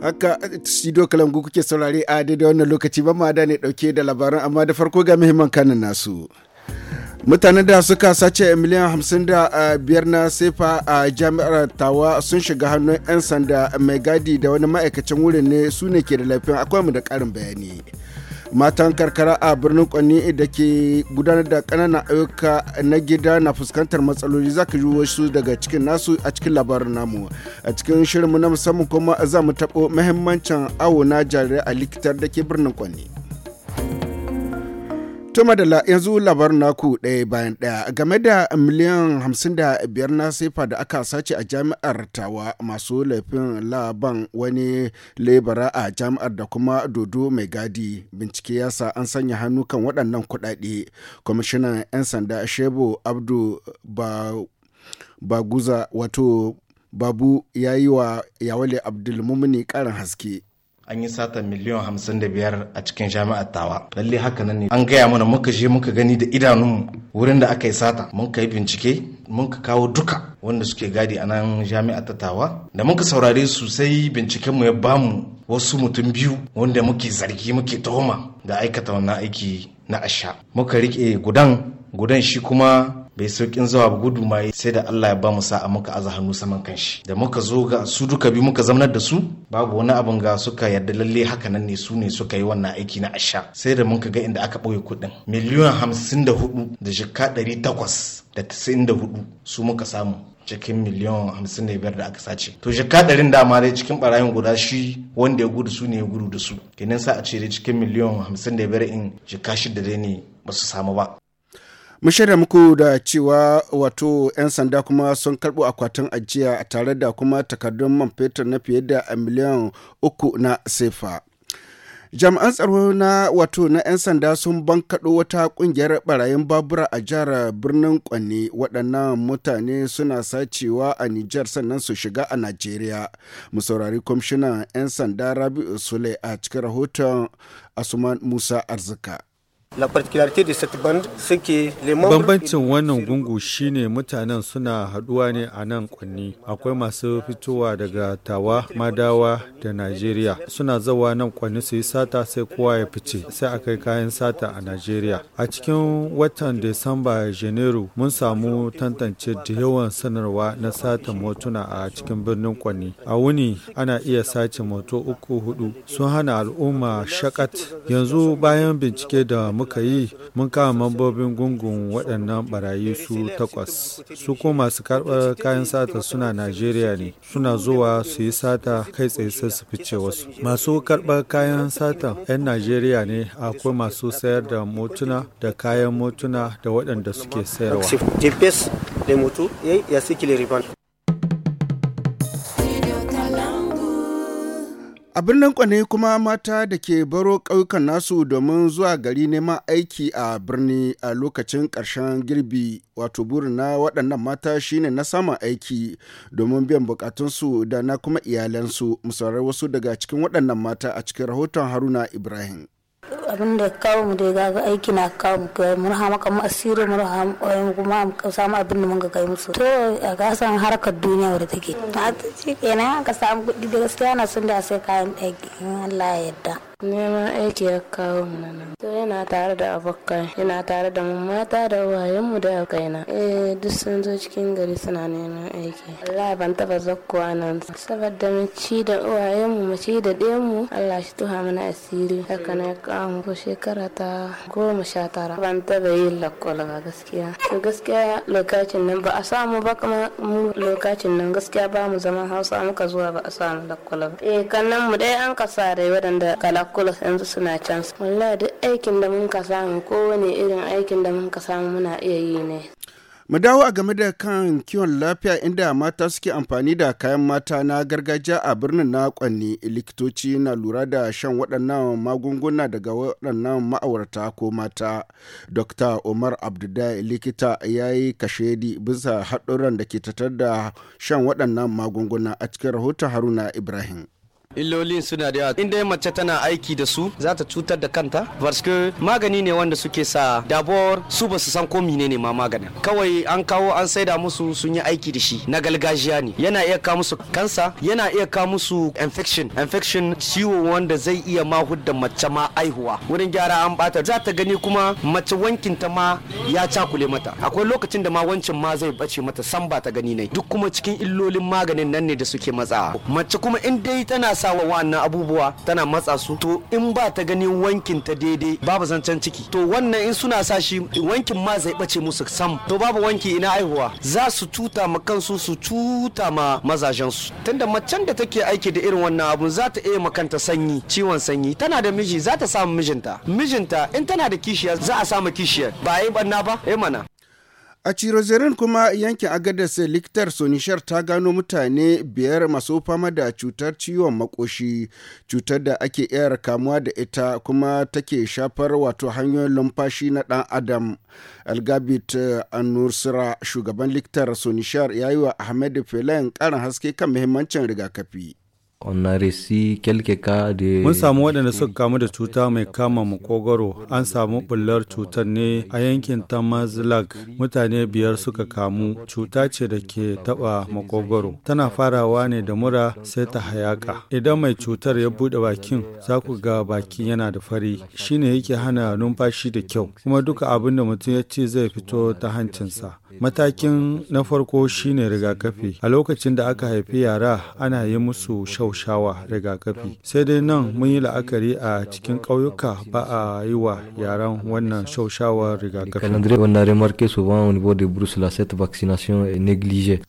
Haka studio Kalangu kuke saurare a daidai wannan lokaci ba ma da ne dauke da labaran amma da farko ga muhimman kanin nasu. mutanen da suka sace miliyan 55 na sefa a jami'ar tawa sun shiga hannun 'yan sanda mai gadi da wani ma'aikacin wurin ne su ne ke da laifin akwai mu da karin bayani matan karkara a birnin kwanni da ke gudanar da ƙananan ayyuka na gida na fuskantar matsaloli za ka ji wasu daga cikin nasu a cikin labarin namu a cikin shirinmu na musamman kuma za mu taɓo mahimmancin awo na jarirai a likitar da ke birnin kwanni. Tuma da yanzu labar naku ɗaya bayan ɗaya game da miliyan 55 na sefa da aka sace a jami'ar tawa masu laifin laban wani lebara a jami'ar da kuma dodo mai gadi bincike ya sa an sanya hannu kan waɗannan kuɗaɗe. Kwamishinan 'yan sanda Shebo Abdu Baguza wato Babu ya yi wa Yawale Abdulmumini ƙarin haske. an yi sata miliyan hamsin da biyar a cikin jami'ar tawa lalle haka nan ne an gaya mana muka je muka gani da idanunmu wurin da aka yi sata mun ka yi bincike mun kawo duka wanda suke gadi a nan jami'ar ta tawa da muka saurare su sai mu ya bamu wasu mutum biyu wanda muke zargi muke tuhuma da aikata wannan aiki na asha muka rike gudan gudan shi kuma bai saukin zawa gudu ma sai da Allah ya ba mu sa'a muka aza hannu saman kanshi da muka zo ga su duka bi muka zamnar da su babu wani abin ga suka yarda lalle haka nan ne su ne suka yi wannan aiki na asha sai da muka ga inda aka ɓoye kuɗin miliyan hamsin da hudu da shika ɗari takwas da tasa'in da hudu su muka samu cikin miliyan hamsin da biyar da aka sace to jaka ɗarin dama dai cikin barayin guda shi wanda ya gudu su ne ya gudu da su kenan sa a ce dai cikin miliyan hamsin da biyar in jaka shida dai ne ba su samu ba Mu shirya muku da cewa wato 'yan sanda kuma sun karbo akwatin ajiya tare da kuma takardun man fetur na fiye da miliyan uku na sefa. jami'an tsaro na wato na 'yan sanda sun bankaɗo wata ƙungiyar barayin babura a jihar birnin kwanne waɗannan mutane suna sacewa a nijar sannan su shiga a najeriya mu saurari kwamishinan 'yan sanda rabi'u sule a cikin rahoton asuman musa arzika Bambancin wannan gungu shine mutanen suna haɗuwa ne a nan kwanni. Akwai masu fitowa daga Tawa, Madawa da Najeriya. Suna zawa nan kwanni su yi sata sai kowa ya fice, sai a kai kayan sata a Najeriya. A cikin watan Disamba Janairu mun samu tantance da yawan sanarwa na sata motuna a cikin birnin kwanni. A wuni ana iya sace moto uku hudu sun hana al'umma shakat. Yanzu bayan bincike da muka yi mun kama mambobin gungun waɗannan barayi su takwas su ko masu karɓar kayan sata suna najeriya ne suna zuwa su yi sata kai tsaye sai su fice wasu masu karɓar kayan sata 'yan najeriya ne akwai masu sayar da motuna da kayan motuna da waɗanda suke sayarwa A birnin Kwane kuma mata da ke baro ƙauyukan nasu domin zuwa gari neman aiki a birni a lokacin ƙarshen girbi wato burin na waɗannan mata shine na samun aiki domin biyan bukatunsu da na kuma iyalansu musarar wasu daga cikin waɗannan mata a cikin rahoton Haruna Ibrahim. abin da kawo mu da ga aiki na kawo mu kai mun ha maka mu asiri mun ha kuma mu samu abin da mun ga kai musu to a ga harkar duniya wadda take ta ce kenan ka samu kuɗi da gaskiya na sun da sai kayan ɗaki in Allah ya yarda neman aiki ya kawo mu nan to yana tare da abokai yana tare da mun mata da mu da na. eh duk sun zo cikin gari suna neman aiki Allah ban taba zakkuwa nan saboda mu ci da uwayenmu mu ci da mu Allah shi tuha mana asiri haka na mu ko shekara ta goma sha tara ban taba yin lakkola ba gaskiya to gaskiya lokacin nan ba a samu ba kuma mu lokacin nan gaskiya ba mu zaman hausa muka zuwa ba a samu lakkola ba eh kannan mu dai an kasa dai waɗanda kala college yanzu suna can wallahi duk aikin da mun ka samu kowane irin aikin da mun ka samu muna iya yi ne mu dawo a game da kan kiwon lafiya inda mata suke amfani da kayan mata na gargajiya a birnin na kwanni likitoci na lura da shan waɗannan magunguna daga waɗannan ma'aurata ko mata dr umar abdullahi likita ya yi kashedi bisa haɗuran da ke tattar da shan waɗannan magunguna a cikin rahoton haruna ibrahim illolin suna da yawa inda mace tana aiki da su za ta cutar da kanta varske magani ne wanda suke sa dabor su ba su san ko menene ma maganin kawai an kawo an saida musu sun yi aiki da shi na galgajiya ne yana iya kawo musu kansa yana iya kawo musu infection infection ciwo wanda zai iya ma da mace ma aihuwa wurin gyara an bata za ta gani kuma mace wankin ta ma ya cakule mata akwai lokacin da ma wancin ma zai bace mata san ba ta gani ne duk kuma cikin illolin maganin nan ne da suke matsawa. mace kuma in dai tana sa wa wannan abubuwa tana matsa su to in ba ta gani wankin ta daidai babu zancen ciki to wannan in suna sa shi wankin ma zai bace musu sam to babu wanki ina aihuwa za su tuta ma kansu su tuta ma mazajen su tunda macen da take aiki da irin wannan abun za ta iya makanta sanyi ciwon sanyi tana da miji za ta samu mijinta mijinta in tana da kishiya za a samu kishiya ba yi banna ba eh mana A Cirozerin kuma yankin sai likitar Sonishar ta gano mutane biyar masu fama da cutar ciwon makoshi, cutar da ake iya kamuwa da ita kuma take shafar wato hanyoyin lumfashi na ɗan Adam. Algabit eh, Anursra, shugaban likitar Sonishar ya yi wa Ahmed Felen ƙarin haske kan muhimmancin rigakafi. Mun samu waɗanda suka kamu da cuta mai kama makogwaro an samu bullar cutar ne a yankin Tamazlag mutane biyar suka kamu cuta ce da ke taɓa makogwaro. Tana farawa ne da mura sai ta hayaka. Idan mai cutar ya buɗe bakin za ku ga baki yana da fari shine yake hana numfashi da kyau kuma duka abin da mutum ya ce zai fito ta hancinsa. Matakin na farko shine rigakafi a lokacin da aka haifi yara ana yi musu shau Hausawa rigakafi. Sai dai nan mun yi la'akari a cikin ƙauyuka ba a yi wa yaran wannan Hausawa rigakafi. Kalandire wannan remarque souvent au niveau de Bruxelles cette vaccination est négligée.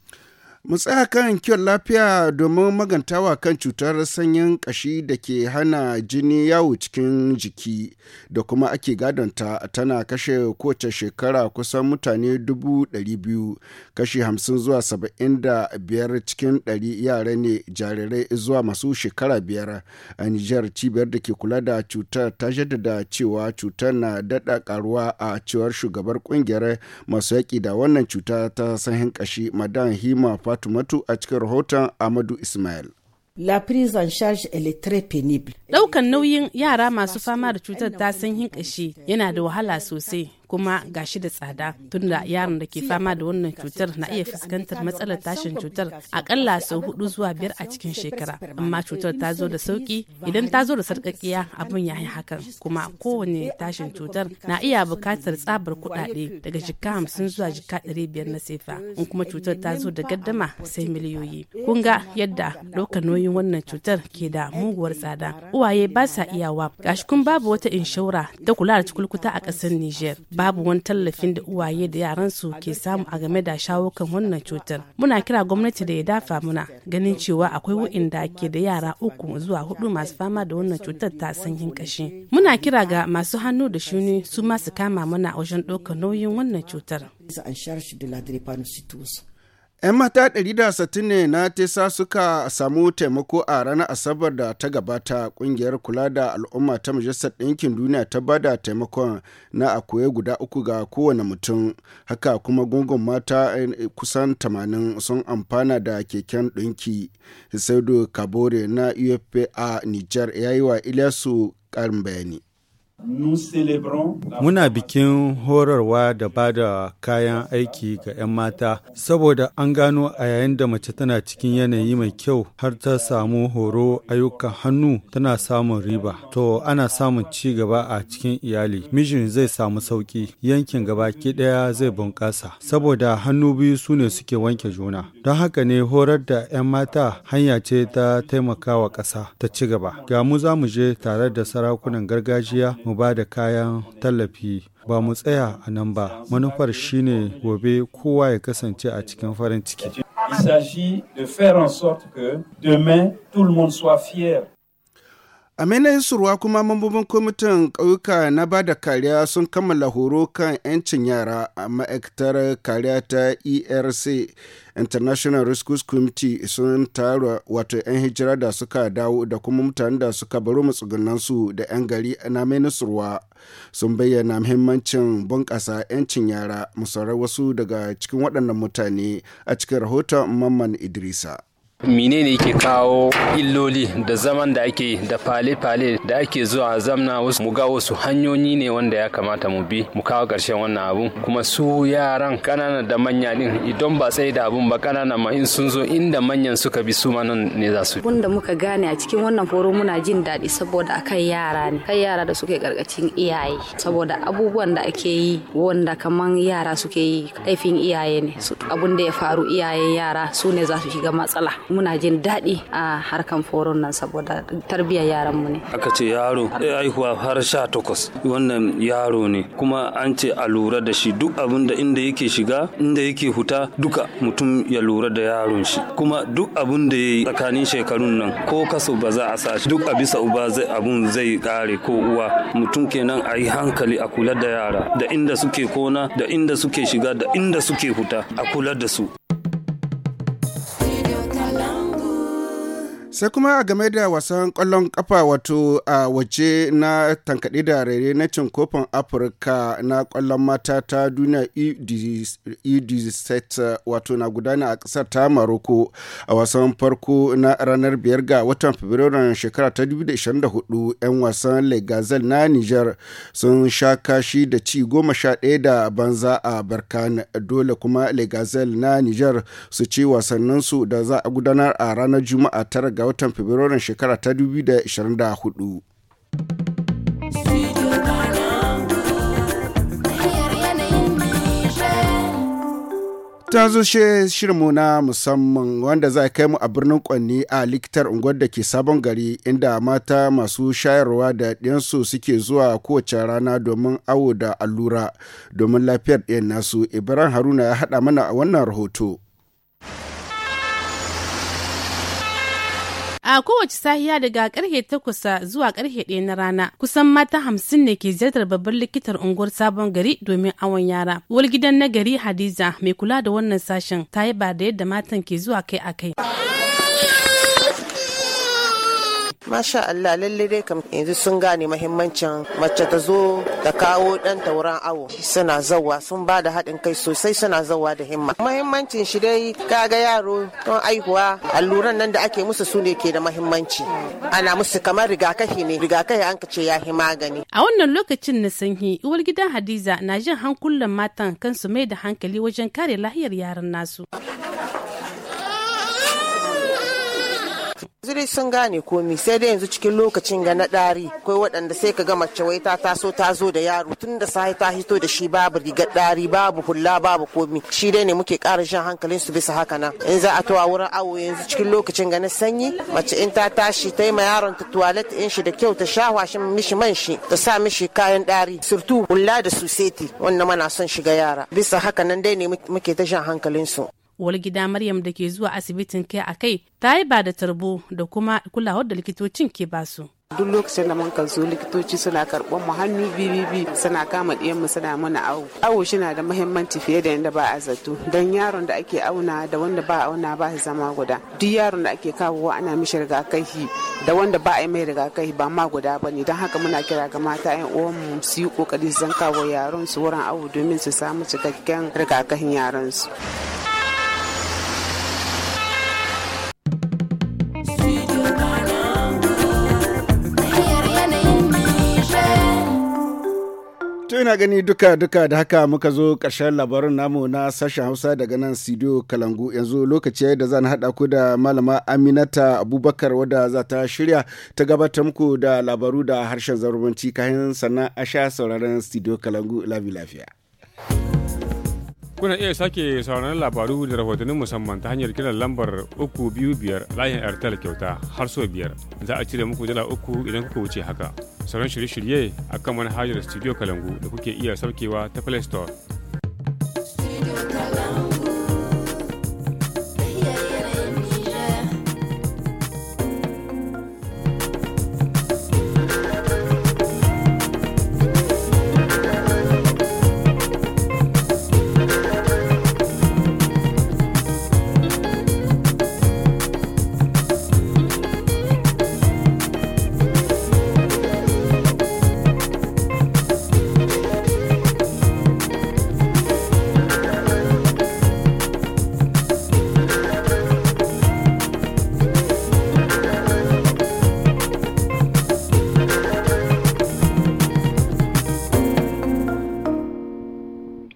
mu tsaya kan kiwon lafiya domin magantawa kan cutar sanyin kashi da ke hana jini yawo cikin jiki da kuma ake gadonta tana kashe kowace shekara kusan mutane 200,000 kashi 50 zuwa 75 cikin 100 yara ne jarirai zuwa masu shekara biyar a nijar cibiyar da ke kula da cutar ta jaddada cewa cutar na daɗa karuwa a cewar shugabar kungiyar masu yaki da wannan cuta ta sanyin kashi madan hima Fatumatu a cikin rahoton Amadu Ismail. La prise en charge elle est très pénible. Daukan nauyin yara masu fama da cutar ta san hinkashi yana da wahala sosai. kuma gashi da tsada tunda yaron da ke fama da wannan cutar na iya fuskantar matsalar tashin cutar akalla sau hudu zuwa biyar a cikin shekara amma cutar ta zo da sauki idan ta zo da sarƙaƙiya abin ya yi hakan kuma kowane tashin cutar na iya bukatar tsabar kuɗaɗe daga jika hamsin zuwa jika ɗari biyar na sefa in kuma cutar ta zo da gaddama sai miliyoyi kun ga yadda ɗaukar nauyin wannan cutar ke da muguwar tsada uwaye ba sa iyawa gashi kun babu wata inshaura ta kula da cikulkuta a ƙasar niger babu wani tallafin da uwaye da yaransu ke samu a game da shawo wannan cutar muna kira gwamnati da ya dafa muna ganin cewa akwai wa'inda ke da yara uku zuwa hudu masu fama da wannan cutar ta sanyin kashi muna kira ga masu hannu da shuni su masu kama mana wajen ɗaukar nauyin wannan cutar 'Yan mata 160 ne na tesa suka samu taimako a ranar Asabar da ta gabata kungiyar kula da al'umma ta Majalisar Ɗinkin Duniya ta bada taimakon na akwai guda uku ga kowane mutum. Haka kuma gungun mata eh, kusan 80 sun amfana da keken ɗinki. Saido Kabore na UFA a Nijar ya yi wa Ilyasu ƙarin bayani. Muna bikin horarwa da ba da kayan aiki ga 'yan mata saboda an gano a yayin da mace tana cikin yanayi mai kyau har ta samu horo ayyukan hannu tana samun riba. To ana samun ci gaba a cikin iyali. Mijin zai samu sauƙi, yankin gaba ɗaya zai bunƙasa saboda hannu biyu su ne suke wanke juna. Don haka ne horar da 'yan mata hanya ce ta taimakawa ƙasa ta ci gaba. Ga mu za mu je tare da sarakunan gargajiya mu ba da kayan tallafi ba mu tsaya a nan ba manufar shine gobe kowa ya kasance a cikin farin ciki. Il de faire en sorte a surwa kuma mambobin kwamitin ƙauyuka na ba da kariya sun kammala horo kan 'yancin yara a ma'aikatar kariya ta erc international rescue committee sun tara wato 'yan hijira da suka dawo da kuma mutanen da suka baro matsugunansu da 'yan gari na surwa sun bayyana muhimmancin bunƙasa 'yancin yara musarar wasu daga cikin waɗannan mutane a cikin rahoton mamman idrisa menene ke kawo illoli da zaman da ake da fale-fale da ake zuwa zamna wasu mu ga wasu hanyoyi ne wanda ya kamata mu bi mu kawo ƙarshen wannan abu kuma su yaran ƙananan da manya din idan ba tsaye da abun ba ƙananan ma in sun zo inda manyan suka bi su ma nan ne za su abun da muka gane a cikin wannan horo muna jin daɗi saboda akan yara ne kan yara da suke karkacin iyaye saboda abubuwan da ake yi wanda kaman yara suke yi laifin iyaye ne abun da ya faru iyayen yara su ne za su shiga matsala muna jin daɗi a harkan foron nan saboda tarbiyyar yaran mu ne aka ce yaro ya eh, haihuwa har sha takwas wannan yaro ne kuma an ce a lura da shi duk abin da inda yake shiga inda yake huta duka mutum ya lura da yaron shi kuma duk abin da ya yi tsakanin shekarun nan ko kaso ba za a sa shi duk a bisa uba zai abun zai kare ko uwa mutum kenan a yi hankali a kula da yara da inda suke kona da inda suke shiga da inda suke huta a kula da su sai kuma a game da wasan kwallon kafa wato a waje na tankaɗe da rere na cin kofin afirka na kwallon mata ta duniya u e wato na gudana a ƙasar ta maroko a wasan farko na ranar biyar ga watan fabrairun shekara ta 2024 'yan wasan legazel na niger sun sha kashi da ci goma sha ɗaya da banza a barkan dole kuma legazel na niger su ci wasanninsu da za a gudanar a ranar juma'a tara ga watan Fabrairun shekara ta 2024. ta zo shirmu na musamman wanda za kai mu a birnin kwanni a likitar unguwar da ke sabon gari inda mata masu shayarwa da ɗiyansu suke zuwa kowace rana domin awo da allura domin lafiyar ɗiyan nasu ibrahim haruna ya haɗa mana a wannan rahoto. A kowace sahiya daga karfe takwasa zuwa karfe ɗaya na rana kusan mata hamsin ne ke ziyartar babban likitar unguwar sabon gari domin awon yara. Uwar gidan na gari Hadiza mai kula da wannan sashen ta yi ba da yadda matan ke zuwa kai a kai. Masha Allah lallai dai kam yanzu sun gane mahimmancin mace ta zo da kawo dan tauran awo suna zawa sun ba da haɗin kai sosai suna zawa da himma. Mahimmancin shi dai kaga yaro don aihuwa alluran nan da ake musu su ne ke da mahimmanci. Ana musu kamar rigakafi ne rigakafi an ce ya fi magani. A wannan lokacin na sanyi uwar gidan Hadiza na jin hankulan matan kansu mai da hankali wajen kare lahiyar yaran nasu. yanzu dai sun gane komi sai dai yanzu cikin lokacin ga na ɗari kai waɗanda sai ka gama mace wai ta taso ta zo da yaro tun da sai ta hito da shi babu rigar ɗari babu hula babu komi shi dai ne muke ƙara jan hankalin su bisa haka nan in za a tawa wurin awo yanzu cikin lokacin ga na sanyi mace in ta tashi ta yi ma yaron ta tuwalet in shi da kyau ta sha washin mishi man shi ta sa mishi kayan ɗari surtu hula da seti wannan mana son shiga yara bisa haka nan dai ne muke ta jan hankalin su. uwar gida maryam da ke zuwa asibitin kai a kai ta yi ba da tarbo da kuma kulawar da likitocin ke basu. duk lokacin da muka zo likitoci suna karɓar mu hannu bibibi suna kama mu suna mana awo awo shi na da muhimmanci fiye da yadda ba a zato don yaron da ake auna da wanda ba auna ba su zama guda duk yaron da ake kawowa ana mishi rigakafi da wanda ba a yi mai rigakafi ba ma guda ba ne don haka muna kira ga mata yan uwan mu su yi kokari su zan kawo yaron su wurin awo domin su samu cikakken rigakafin yaron su ina gani duka duka da haka muka zo ƙarshen labarin namu na sashen Hausa daga nan studio Kalangu yanzu lokaci da zan haɗa ku da malama Aminata Abubakar wadda za ta shirya ta gabatar muku da labaru da harshen zarubanci kayan sannan a sha sauraron studio Kalangu labi lafiya. Kuna iya sake sauraron labaru da rahotannin musamman ta hanyar kiran lambar 325 layin Airtel kyauta har sau biyar za a cire muku dala uku idan kuka wuce haka. sauran shirye-shirye a kan manhajar Studio Kalangu da kuke iya saukewa ta Play Store